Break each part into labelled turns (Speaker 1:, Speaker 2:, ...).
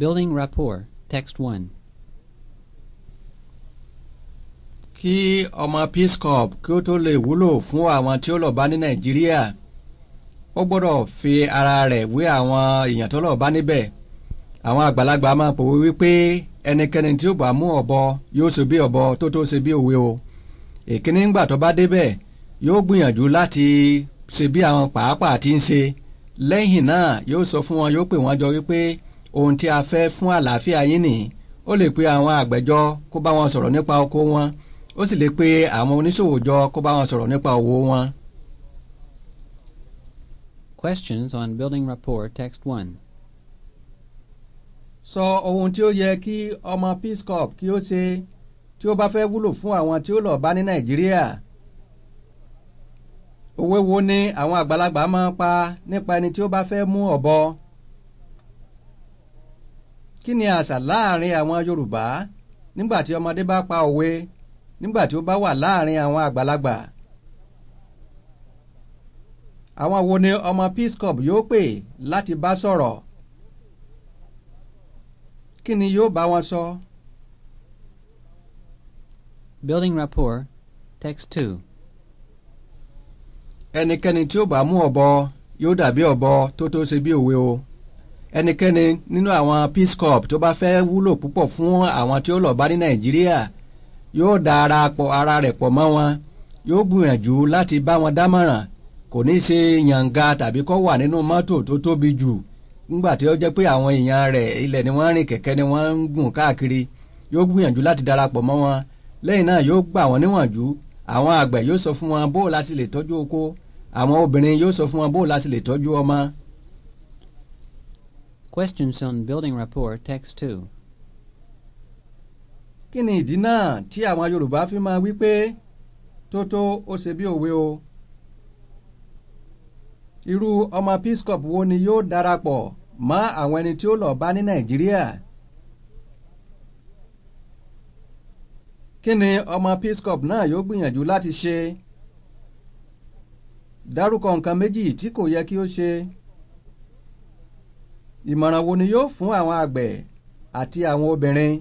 Speaker 1: Building Rapport, Text 1. Kí ọmọ Peace Corps kí ó tó lè wúlò fún àwọn tí ó lọ bá ní Nàìjíríà ó gbọ́dọ̀ fi ara rẹ̀ wé àwọn èèyàn tó lọ bá níbẹ̀ àwọn àgbàlagbà máa pòwe wípé ẹnikẹ́ni tí ó bá mú ọ̀bọ yóò ṣe bí ọ̀bọ tó tó ṣe bí òwe o èkíní ńgbà tó bá débẹ̀ yóò gbìyànjú láti ṣe bí àwọn pàápàá ti ń ṣe lẹ́yìn náà yóò sọ fún wọn yóò pè wọ́n jọ wípé ohun tí a fẹ́ fún àlàáfíà yín nìyí ó lè pe àwọn àgbẹ̀jọ kó bá wọn sọ̀rọ̀ nípa oko wọn ó sì lè pe àwọn oníṣòwò jọ kó bá wọn sọ̀rọ̀ nípa òwò wọn. Questions on building rapport text one. Sọ ohun tí ó yẹ kí ọmọ Peace Corps kí ó ṣe tí ó bá fẹ́ wúlò fún àwọn tí ó lọ bá ní Nàìjíríà. Òwe wo ni àwọn àgbàlagbà máa ń pa nípa ẹni tí ó bá fẹ́ mú ọ̀bọ? kí ni àṣà láàrin àwọn Yorùbá nígbà tí ọmọdé bá pa òwe nígbà tí ó bá wà láàrin àwọn àgbàlagbà àwọn wo ni ọmọ Peace Corps yóò pè láti bá sọ̀rọ̀ kí ni yóò bá wọn sọ. Building rapport text two. ẹnikẹ́ni tí ó bá mú ọ̀bọ yóò dàbí ọ̀bọ tó tó ṣe bí òwe o ẹnikẹ́ni nínú àwọn peace corps tó bá fẹ́ wúlò púpọ̀ fún àwọn tí ó lọ bá ní nàìjíríà yóò da ara pọ̀ ara rẹ̀ pọ̀ mọ́ wọn yóò gbìyànjú láti bá wọn dámọ̀ràn kò ní ṣe yànga tàbí kó wà nínú mọ́tò tó tóbi jù nígbà tí ó jẹ́ pé àwọn èèyàn rẹ̀ ilẹ̀ ni wọ́n rìn kẹ̀kẹ́ ni wọ́n ń gùn káàkiri yóò gbìyànjú láti darapọ̀ mọ́ wọn lẹ́yìn náà yóò gbà wọ́n níwọ̀njú àwọn àgbẹ̀ yóò sọ fún wọn bó láti lè tọ́jú oko àwọn obìnrin yóò sọ fún wọn bó láti lè tọ́jú ọmọ Questions on building rapport, text two. Kí ni ìdí náà tí àwọn Yorùbá fi máa wí pé tótó ó ṣe bí òwe o? Irú ọmọ Peace Corps wo ni yóò darapọ̀ mọ́ àwọn ẹni tí ó lọ bá ní Nàìjíríà? Kí ni ọmọ Peace Corps náà yóò gbìyànjú láti ṣe? Dárúkọ nǹkan méjì tí kò yẹ kí ó ṣe. Ìmọ̀ràn wo ni yóò fún àwọn àgbẹ̀ àti àwọn obìnrin?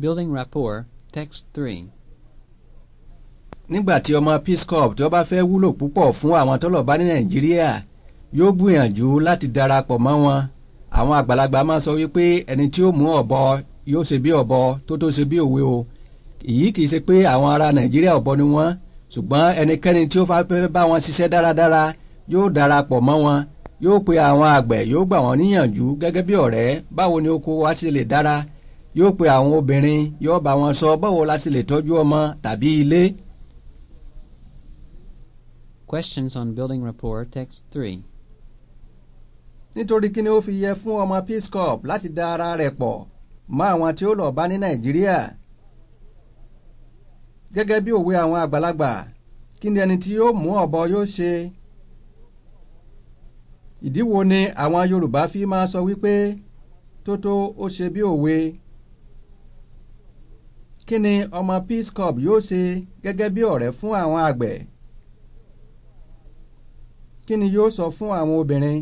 Speaker 1: Building rapport, text three. Nígbà tí ọmọ Peace Corps tí ó bá fẹ́ wúlò púpọ̀ fún àwọn tọ́lọ̀ bá ní Nàìjíríà yóò gbìyànjú láti darapọ̀ mọ́ wọn. Àwọn àgbàlagbà máa sọ wípé ẹni tí ó mú ọ̀bọ yóò ṣe bí ọ̀bọ tó tó ṣe bí òwe o. Èyí kìí ṣe pé àwọn ará Nàìjíríà ọ̀bọ ni wọ́n ṣùgbọ́n ẹnikẹ́ni tí ó fẹ́ bá wọn ṣiṣẹ́ dáradára yóò darapọ̀ mọ́ wọn yóò pe àwọn àgbẹ̀ yóò gbà wọ́n níyànjú gẹ́gẹ́ bí ọ̀rẹ́ báwo ni oko wa ti lè dára yóò pe àwọn obìnrin yóò bá wọn sọ báwo la ti lè tọ́jú ọmọ tàbí ilé. Questions on building rapport text three. Nítorí kí ni ó fi yẹ fún ọmọ Peace Corps láti da ara rẹ̀ pọ̀ mọ́ àwọn tí ó lọ bá ní Nàìjíríà gẹ́gẹ́ bí òwe àwọn àgbàlagbà kí ni ẹni tí yóò mú ọ̀bọ yóò ṣe ìdí wo ni àwọn Yorùbá fi máa sọ wípé tótó ó ṣe bí òwe kí ni ọmọ Peace Corps yóò ṣe gẹ́gẹ́ bí ọ̀rẹ́ fún àwọn àgbẹ̀ kí ni yóò sọ fún àwọn obìnrin